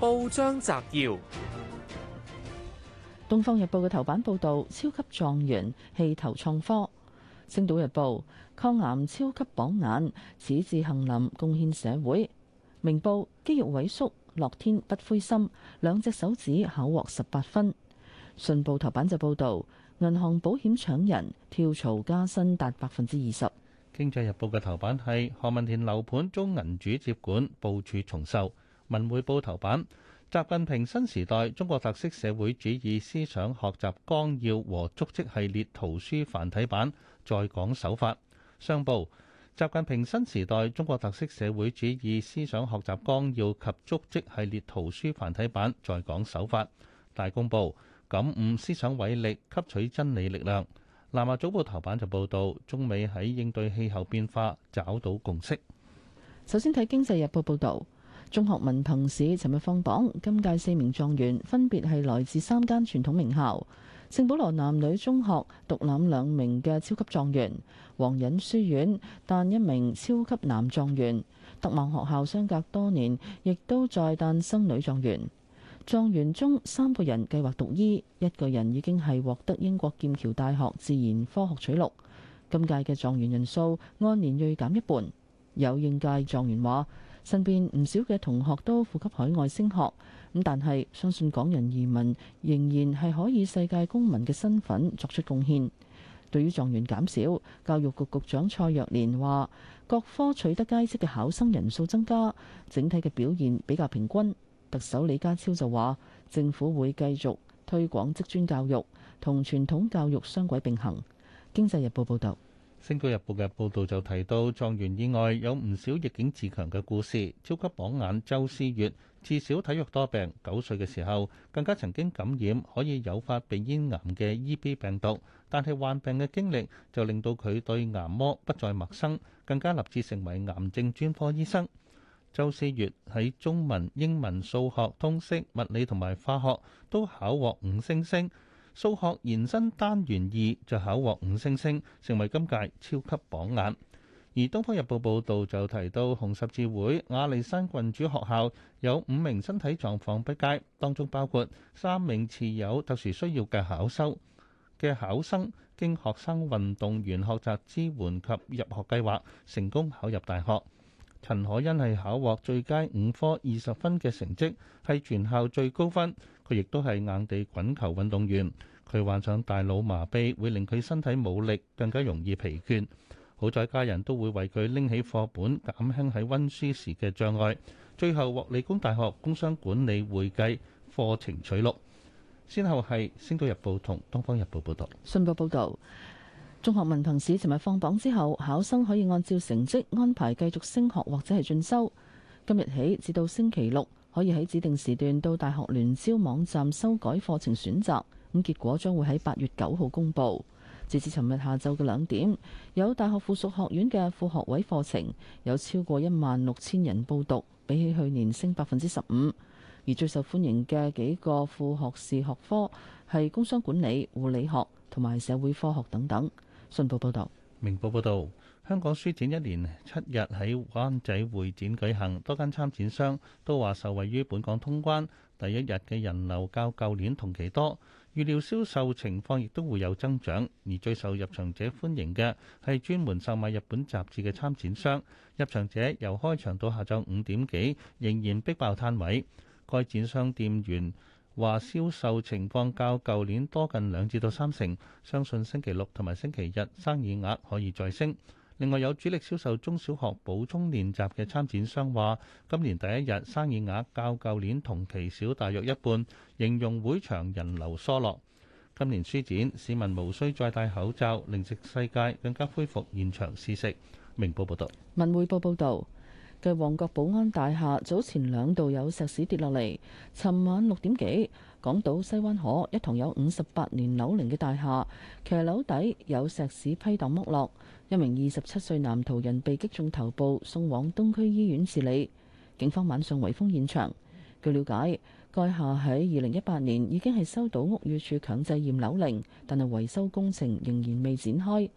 報章摘要：《東方日報》嘅頭版報道超級狀元棄投創科，《星島日報》抗癌超級榜眼矢志杏林貢獻社會，《明報》肌肉萎縮樂天不灰心，兩隻手指考獲十八分。《信報》頭版就報道銀行保險搶人跳槽加薪達百分之二十，《經濟日報》嘅頭版係何文田樓盤遭銀主接管部署重修。文匯報頭版，《習近平新時代中國特色社會主義思想學習綱要》和《足跡》系列圖書繁體版在港手法。商報，《習近平新時代中國特色社會主義思想學習綱要及足跡》系列圖書繁體版在港手法。大公報，《感悟思想偉力，吸取真理力量》。南華早報頭版就報道，中美喺應對氣候變化找到共識。首先睇《經濟日報》報道。中學文憑試尋日放榜，今屆四名狀元分別係來自三間傳統名校，聖保羅男女中學獨攬兩名嘅超級狀元，皇仁書院但一名超級男狀元，德望學校相隔多年亦都再誕生女狀元。狀元中三個人計劃讀醫，一個人已經係獲得英國劍橋大學自然科學取錄。今屆嘅狀元人數按年銳減一半，有應屆狀元話。身邊唔少嘅同學都負笈海外升學，咁但係相信港人移民仍然係可以世界公民嘅身份作出貢獻。對於狀元減少，教育局局長蔡若蓮話：各科取得佳績嘅考生人數增加，整體嘅表現比較平均。特首李家超就話：政府會繼續推廣職專教育，同傳統教育雙軌並行。經濟日報報導。《星島日報》嘅報導就提到，狀元以外有唔少逆境自強嘅故事。超級榜眼周思月自小體弱多病，九歲嘅時候更加曾經感染可以誘發鼻咽癌嘅 EB 病毒，但係患病嘅經歷就令到佢對癌魔不再陌生，更加立志成為癌症專科醫生。周思月喺中文、英文、數學、通識、物理同埋化學都考獲五星星。數學延伸單元二就考獲五星星，成為今屆超級榜眼。而《東方日報》報導就提到，紅十字會雅麗珊郡主學校有五名身體狀況不佳，當中包括三名持有特殊需要嘅考收嘅考生，經學生運動員學習支援及入學計劃成功考入大學。陳可欣係考獲最佳五科二十分嘅成績，係全校最高分。佢亦都係硬地滾球運動員，佢患上大腦麻痹，會令佢身體冇力，更加容易疲倦。好在家人都會為佢拎起課本，減輕喺温書時嘅障礙。最後獲理工大學工商管理會計課程取錄。先後係《星島日報》同《東方日報》報導。信報報導，中學文憑試尋日放榜之後，考生可以按照成績安排繼續升學或者係進修。今日起至到星期六。可以喺指定時段到大學聯招網站修改課程選擇，咁結果將會喺八月九號公佈。截至尋日下晝嘅兩點，有大學附屬學院嘅副學位課程有超過一萬六千人報讀，比起去年升百分之十五。而最受歡迎嘅幾個副學士學科係工商管理、護理學同埋社會科學等等。信報報道。明報報導。香港書展一連七日喺灣仔會展舉行，多間參展商都話受惠於本港通關第一日嘅人流較舊年同期多，預料銷售情況亦都會有增長。而最受入場者歡迎嘅係專門售賣日本雜誌嘅參展商，入場者由開場到下晝五點幾仍然逼爆攤位。該展商店員話，銷售情況較舊年多近兩至到三成，相信星期六同埋星期日生意額可以再升。另外有主力銷售中小學補充練習嘅參展商話，今年第一日生意額較舊年同期少大約一半，形容會場人流疏落。今年書展市民無需再戴口罩，零食世界更加恢復現場試食。明報報道：「文匯報報道，據旺角保安大廈早前兩度有石屎跌落嚟，尋晚六點幾。港島西灣河一棟有五十八年樓齡嘅大廈，騎樓底有石屎批檔盪剝落，一名二十七歲男途人被擊中頭部，送往東區醫院治理。警方晚上圍封現場。據了解，該廈喺二零一八年已經係收到屋宇署強制驗樓齡，但係維修工程仍然未展開。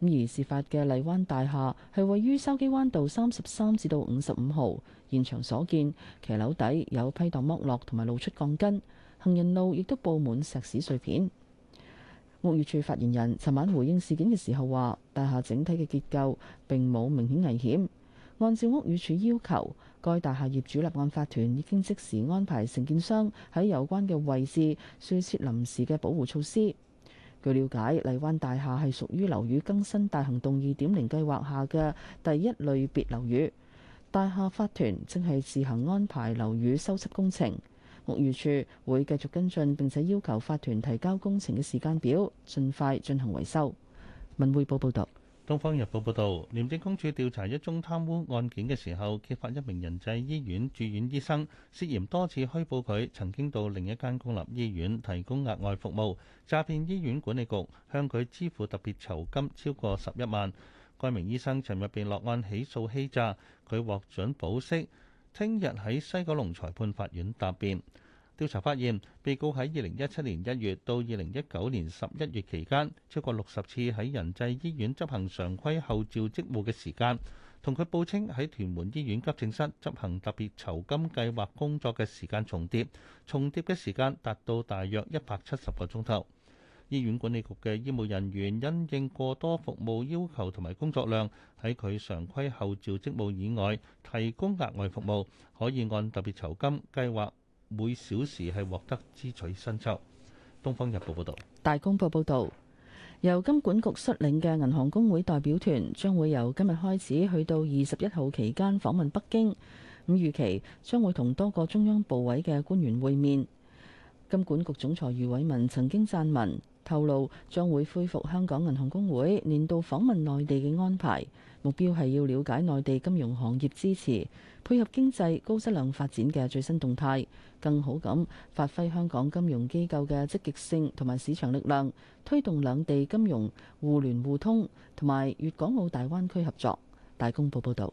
而事發嘅麗灣大廈係位於筲箕灣道三十三至到五十五號。現場所見，騎樓底有批盪剝落，同埋露出鋼筋；行人路亦都佈滿石屎碎片。屋宇署發言人尋晚回應事件嘅時候話，大廈整體嘅結構並冇明顯危險。按照屋宇署要求，該大廈業主立案法團已經即時安排承建商喺有關嘅位置設置臨時嘅保護措施。據了解，荔灣大廈係屬於樓宇更新大行動二點零計劃下嘅第一類別樓宇。大廈法團正係自行安排樓宇修葺工程，物業處會繼續跟進，並且要求法團提交工程嘅時間表，盡快進行維修。文匯報報道。《東方日報》報道，廉政公署調查一宗貪污案件嘅時候，揭發一名仁濟醫院住院醫生涉嫌多次虛報佢曾經到另一間公立醫院提供額外服務，詐騙醫院管理局，向佢支付特別酬金超過十一萬。該名醫生尋日被落案起訴欺詐，佢獲准保釋，聽日喺西九龍裁判法院答辯。調查發現，被告喺二零一七年一月到二零一九年十一月期間，超過六十次喺仁濟醫院執行常規候召職務嘅時間，同佢報稱喺屯門醫院急症室執行特別酬金計劃工作嘅時間重疊，重疊嘅時間達到大約一百七十個鐘頭。醫院管理局嘅醫務人員因應過多服務要求同埋工作量，喺佢常規候召職務以外提供額外服務，可以按特別酬金計劃每小時係獲得支取薪酬。《東方日報》報道，《大公報》報道，由金管局率領嘅銀行公會代表團將會由今日開始去到二十一號期間訪問北京，咁預期將會同多個中央部委嘅官員會面。金管局總裁余偉文曾經撰文。透露將會恢復香港銀行公會年度訪問內地嘅安排，目標係要了解內地金融行業支持，配合經濟高質量發展嘅最新動態，更好咁發揮香港金融機構嘅積極性同埋市場力量，推動兩地金融互聯互通同埋粵港澳大灣區合作。大公報報道。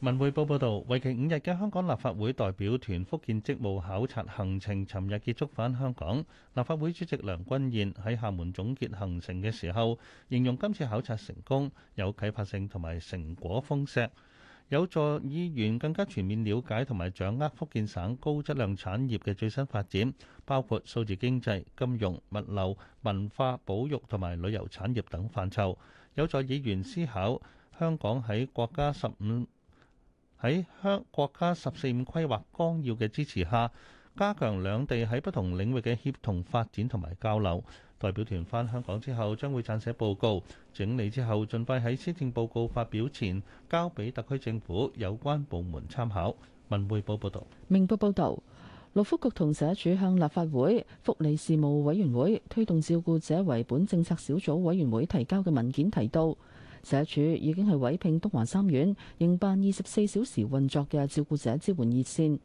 文匯報報導，為期五日嘅香港立法會代表團福建職務考察行程，尋日結束返香港。立法會主席梁君彥喺廈門總結行程嘅時候，形容今次考察成功，有啟發性同埋成果豐碩，有助議員更加全面了解同埋掌握福建省高質量產業嘅最新發展，包括數字經濟、金融、物流、文化保育同埋旅遊產業等範疇，有助議員思考香港喺國家十五。喺香國家十四五規劃綱要嘅支持下，加強兩地喺不同領域嘅協同發展同埋交流。代表團返香港之後，將會撰寫報告，整理之後，盡快喺施政報告發表前交俾特區政府有關部門參考。文匯報報道：明報報道，勞福局同社署向立法會福利事務委員會推動照顧者為本政策小組委員會提交嘅文件提到。社署已經係委聘東華三院營辦二十四小時運作嘅照顧者支援熱線，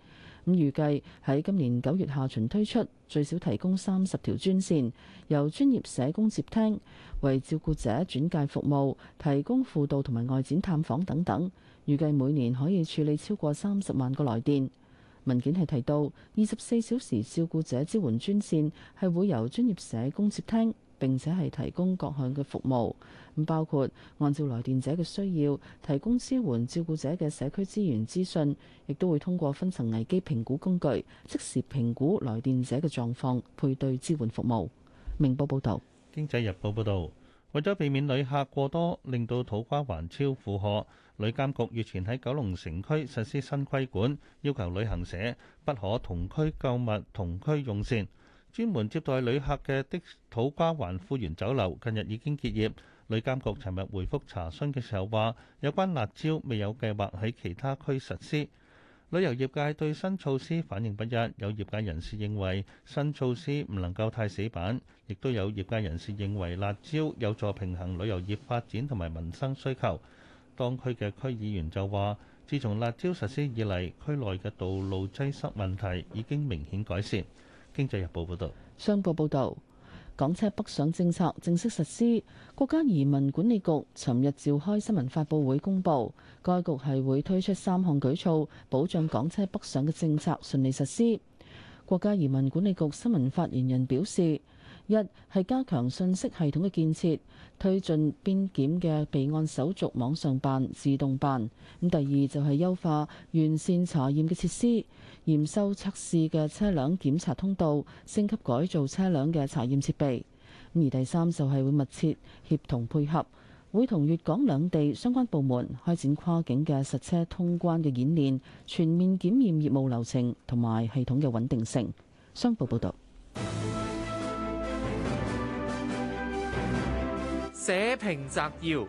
咁預計喺今年九月下旬推出，最少提供三十條專線，由專業社工接聽，為照顧者轉介服務、提供輔導同埋外展探訪等等。預計每年可以處理超過三十萬個來電。文件係提到，二十四小時照顧者支援專線係會由專業社工接聽。並且係提供各項嘅服務，咁包括按照來電者嘅需要提供支援照顧者嘅社區資源資訊，亦都會通過分層危機評估工具，即時評估來電者嘅狀況，配對支援服務。明報報導，經濟日報報導，為咗避免旅客過多，令到土瓜灣超負荷，旅監局月前喺九龍城區實施新規管，要求旅行社不可同區購物、同區用膳。專門接待旅客嘅的，的土瓜灣富源酒樓近日已經結業。旅監局尋日回覆查詢嘅時候話，有關辣招未有計劃喺其他區實施。旅遊業界對新措施反應不一，有業界人士認為新措施唔能夠太死板，亦都有業界人士認為辣招有助平衡旅遊業發展同埋民生需求。當區嘅區議員就話，自從辣招實施以嚟，區內嘅道路擠塞問題已經明顯改善。經濟日報報導，商報報導，港車北上政策正式實施。國家移民管理局尋日召開新聞發佈會，公布該局係會推出三項舉措，保障港車北上嘅政策順利實施。國家移民管理局新聞發言人表示，一係加強信息系統嘅建設，推進邊檢嘅備案手續網上辦、自動辦；咁第二就係優化完善查驗嘅設施。驗收測試嘅車輛檢查通道，升級改造車輛嘅查驗設備。而第三就係、是、會密切協同配合，會同粵港兩地相關部門開展跨境嘅實車通關嘅演練，全面檢驗業務流程同埋系統嘅穩定性。商報報道。社評摘要。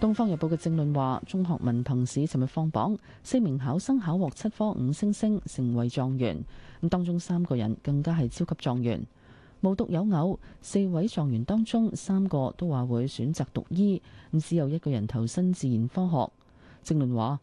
《東方日報》嘅正論話，中學文憑試尋日放榜，四名考生考獲七科五星星，成為狀元。咁當中三個人更加係超級狀元，無獨有偶，四位狀元當中三個都話會選擇讀醫，咁只有一個人投身自然科學。正論話，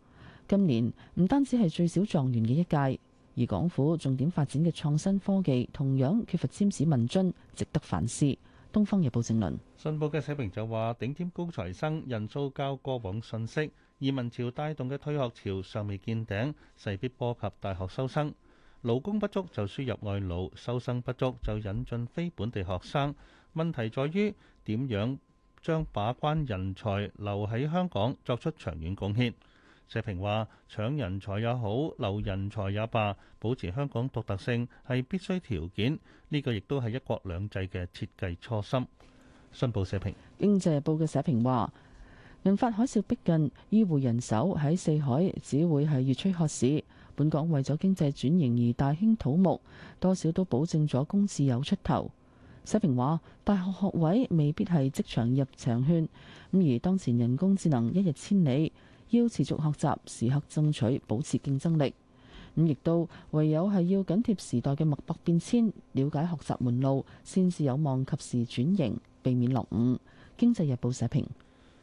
今年唔單止係最少狀元嘅一屆，而港府重點發展嘅創新科技同樣缺乏尖子問津，值得反思。《東方日報》正論，信報嘅社評就話：頂尖高材生人數較過往遜色，移民潮帶動嘅退學潮尚未見頂，勢必波及大學收生。勞工不足就輸入外勞，收生不足就引進非本地學生。問題在於點樣將把關人才留喺香港，作出長遠貢獻。社評話：搶人才也好，留人才也罷，保持香港獨特性係必須條件。呢、這個亦都係一國兩制嘅設計初心。新報社評，《經濟日報》嘅社評話：銀髮海嘯逼近，醫護人手喺四海，只會係越吹渴市。本港為咗經濟轉型而大興土木，多少都保證咗公事有出頭。社評話：大學學位未必係職場入場券，咁而當前人工智能一日千里。要持續學習，時刻爭取保持競爭力。咁亦都唯有係要緊貼時代嘅脈搏變遷，了解學習門路，先至有望及時轉型，避免落伍。經濟日報社評，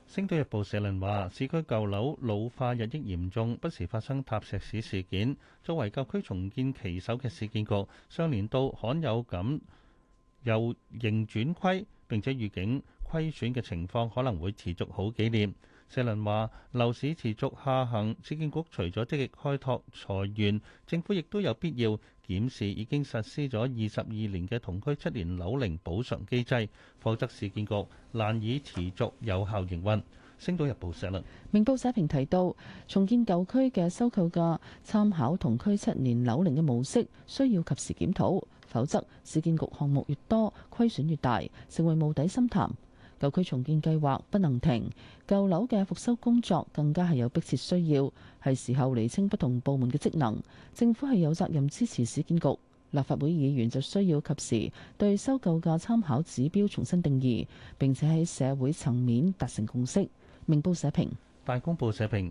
星島日報社論話：市區舊樓老化日益嚴重，不時發生塌石屎事件。作為舊區重建旗手嘅市建局，上年度罕有咁由盈轉虧，並且預警虧損嘅情況可能會持續好幾年。社論話：樓市持續下行，市建局除咗積極開拓財源，政府亦都有必要檢視已經實施咗二十二年嘅同區七年樓齡補償機制，否則市建局難以持續有效營運。星島日報社論。明報社評提到，重建舊區嘅收購價參考同區七年樓齡嘅模式，需要及時檢討，否則市建局項目越多，虧損越大，成為無底深潭。舊區重建計劃不能停，舊樓嘅復修工作更加係有迫切需要，係時候釐清不同部門嘅職能。政府係有責任支持市建局，立法會議員就需要及時對收購價參考指標重新定義，並且喺社會層面達成共識。明報社評、大公報社評。